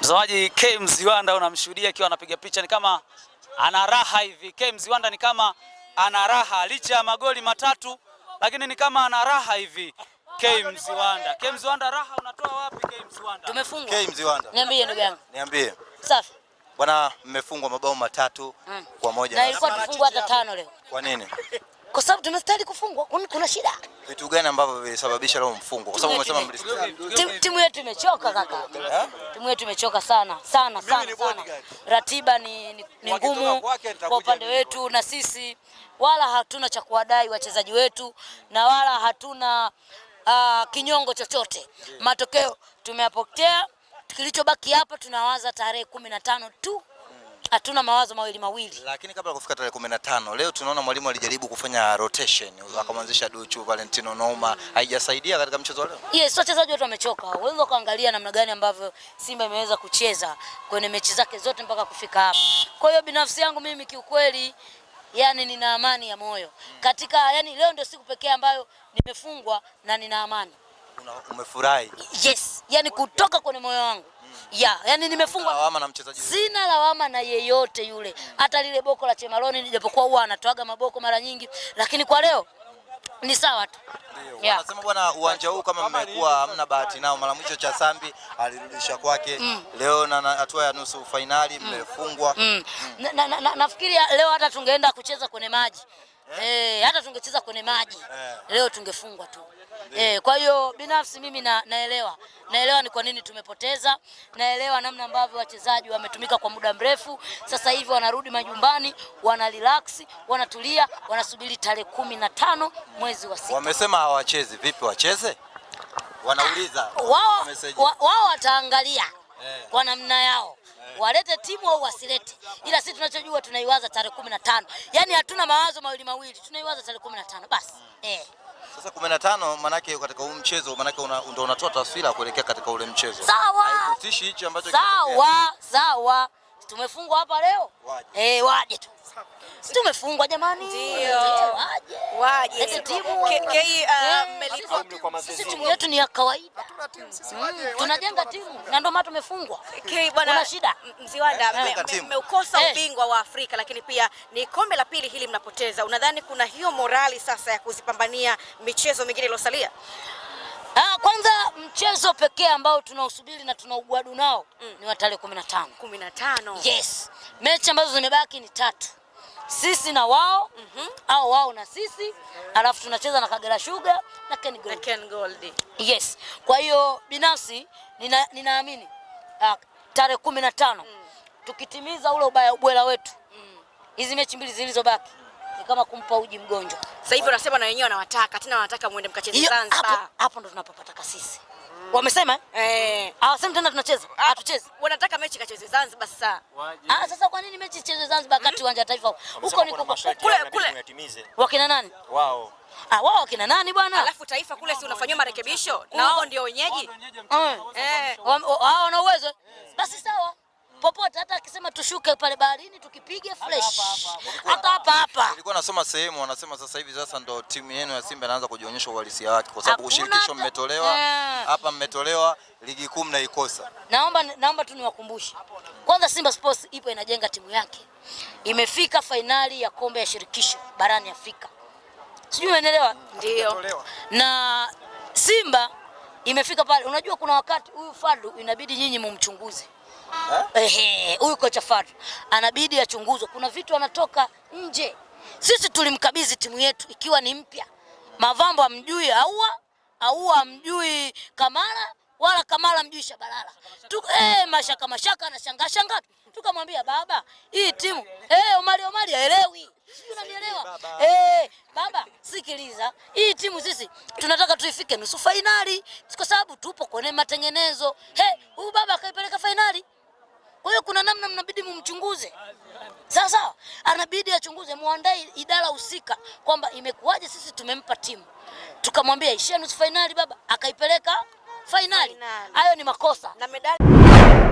Mzawaji K Mziwanda unamshuhudia akiwa anapiga picha, ni kama ana raha hivi. K Mziwanda ni kama ana raha licha ya magoli matatu, lakini ni kama ana raha hivi. K Mziwanda, K Mziwanda, raha unatoa wapi? K Mziwanda, tumefungwa. K Mziwanda, niambie ndugu yangu, niambie. Safi bwana, mmefungwa mabao matatu mm, kwa moja na ilikuwa tufungwa hata tano leo. Kwa nini? Kwa sababu tumestahili kufungwa, kuna shida vitu gani ambavyo vilisababisha leo mfungo? Kwa sababu umesema timu yetu imechoka kaka, eh? timu yetu imechoka sana sana sana sana. Ratiba ni, ni, ni ngumu kwa upande wetu, na sisi wala hatuna cha kuwadai wachezaji wetu na wala hatuna uh, kinyongo chochote. Matokeo tumeyapokea, kilichobaki hapa tunawaza tarehe kumi na tano tu hatuna mawazo mawili mawili. Lakini kabla kufika tarehe 15 leo tunaona mwalimu alijaribu kufanya rotation akamwanzisha Duchu Valentino Noma, haijasaidia katika mchezo leo. Yes, wachezaji wetu wamechoka. Unaweza kuangalia namna gani ambavyo Simba imeweza kucheza kwenye mechi zake zote mpaka kufika hapa. Kwa hiyo binafsi yangu mimi kiukweli yani nina amani ya moyo katika, yani leo ndio siku pekee ambayo nimefungwa na nina amani. Umefurahi? Yes, yani kutoka kwenye moyo wangu ya yani nimefungwa lawama na mchezaji sina lawama na yeyote yule, mm. hata lile boko la Chemaloni, nijapokuwa huwa anatoaga maboko mara nyingi, lakini kwa leo ni sawa tu. Yeah. Wanasema bwana, uwanja huu kama mmekuwa hamna bahati nao. Mara mwisho cha Sambi alirudisha kwake mm. Leo na hatua ya nusu fainali mm. mmefungwa mm. mm. na, na, na, na leo hata tungeenda kucheza kwenye maji eh. Hey, eh, hata tungecheza kwenye maji eh. Leo tungefungwa tu. Eh, kwa hiyo binafsi mimi na, naelewa naelewa ni kwa nini tumepoteza, naelewa namna ambavyo wachezaji wametumika kwa muda mrefu. Sasa hivi wanarudi majumbani, wana relax, wanatulia, wanasubiri tarehe kumi na tano mwezi wa sita. Wamesema hawachezi, vipi wacheze? Wanauliza wao, wao wataangalia eh. kwa namna yao eh. walete timu au wasilete, ila sisi tunachojua tunaiwaza tarehe kumi na tano. Yaani hatuna mawazo mawili mawili, tunaiwaza tarehe kumi na tano basi mm. eh. Sasa 15 manake katika huu mchezo manake una, ndio unatoa taswira kuelekea katika ule mchezo. Sawa. Haikutishi hichi ambacho sawa, sawa. Tumefungwa hapa leo? Waje. Eh, waje tu. Si tumefungwa jamani. Ndio. Waje. Uh, Sisi timu yetu ni ya kawaida. Mm. Tunajenga timu na ndio maana tumefungwa. Kuna shida. Mziwanda, mmeukosa eh. ubingwa wa Afrika lakini pia ni kombe la pili hili mnapoteza. Unadhani kuna hiyo morali sasa ya kuzipambania michezo mingine iliyosalia? Ah, kwanza mchezo pekee ambao tunausubiri na tunaugwadu nao mm, ni wa tarehe 15. 15. Yes. Mechi ambazo zimebaki ni tatu sisi na wao mm -hmm. au wao na sisi, alafu tunacheza na Kagera Sugar na Ken Gold. Na Ken Gold. Yes. Kwa hiyo binafsi nina, ninaamini uh, tarehe kumi na tano mm. tukitimiza ule ubaya ubwela wetu hizi mm. mechi mbili zilizobaki ni kama kumpa uji mgonjwa. Sasa hivi wanasema na wenyewe wanawataka tena, wanataka muende mkacheze Zanzibar. Hapo ndo tunapopataka sisi. Wamesema eh, hawasemi tena tunacheza, ah, hatuchezi. Wanataka mechi kacheze Zanzibar sasa. Ah, sasa kwa nini mechi cheze Zanzibar kati mhm. uwanja taifa? Huko ni kule kule. Wakina nani? Wao. Ah, wao wakina nani bwana? Alafu taifa kule si unafanywa marekebisho na wao ndio wenyeji. Eh. eh, wao wana uwezo popote, hata akisema tushuke pale baharini tukipige fresh hata hapa hapa. Nilikuwa nasoma sehemu wanasema sasa hivi sasa ndo timu yenu ya Simba inaanza kujionyesha uhalisia wake, kwa sababu ushirikisho mmetolewa eh. hapa yeah. Mmetolewa ligi kuu mnaikosa. Naomba, naomba tu niwakumbushe kwanza, Simba Sports ipo inajenga timu yake, imefika fainali ya kombe ya shirikisho barani Afrika, sijui umeelewa? Ndio, na Simba imefika pale. Unajua kuna wakati huyu Fadu inabidi nyinyi mumchunguze Ehe, huyu kocha Fadlu anabidi achunguzwe. Kuna vitu anatoka nje. Sisi tulimkabidhi timu yetu ikiwa ni mpya. Mavambo amjui Aua, Aua amjui Kamara wala Kamara mjui Shabalala. Tuko eh, mashaka mashaka na shanga shanga. Tukamwambia baba, hii timu eh, Omari Omari haelewi. Sijui unanielewa? Eh, baba sikiliza. Hii timu sisi tunataka tuifike nusu fainali kwa sababu tupo kwenye matengenezo. He, huyu baba akaipeleka fainali achunguze. Sasa anabidi achunguze, muandae idara husika kwamba imekuwaje. Sisi tumempa timu tukamwambia ishia nusu fainali, baba akaipeleka fainali. Hayo ni makosa na medali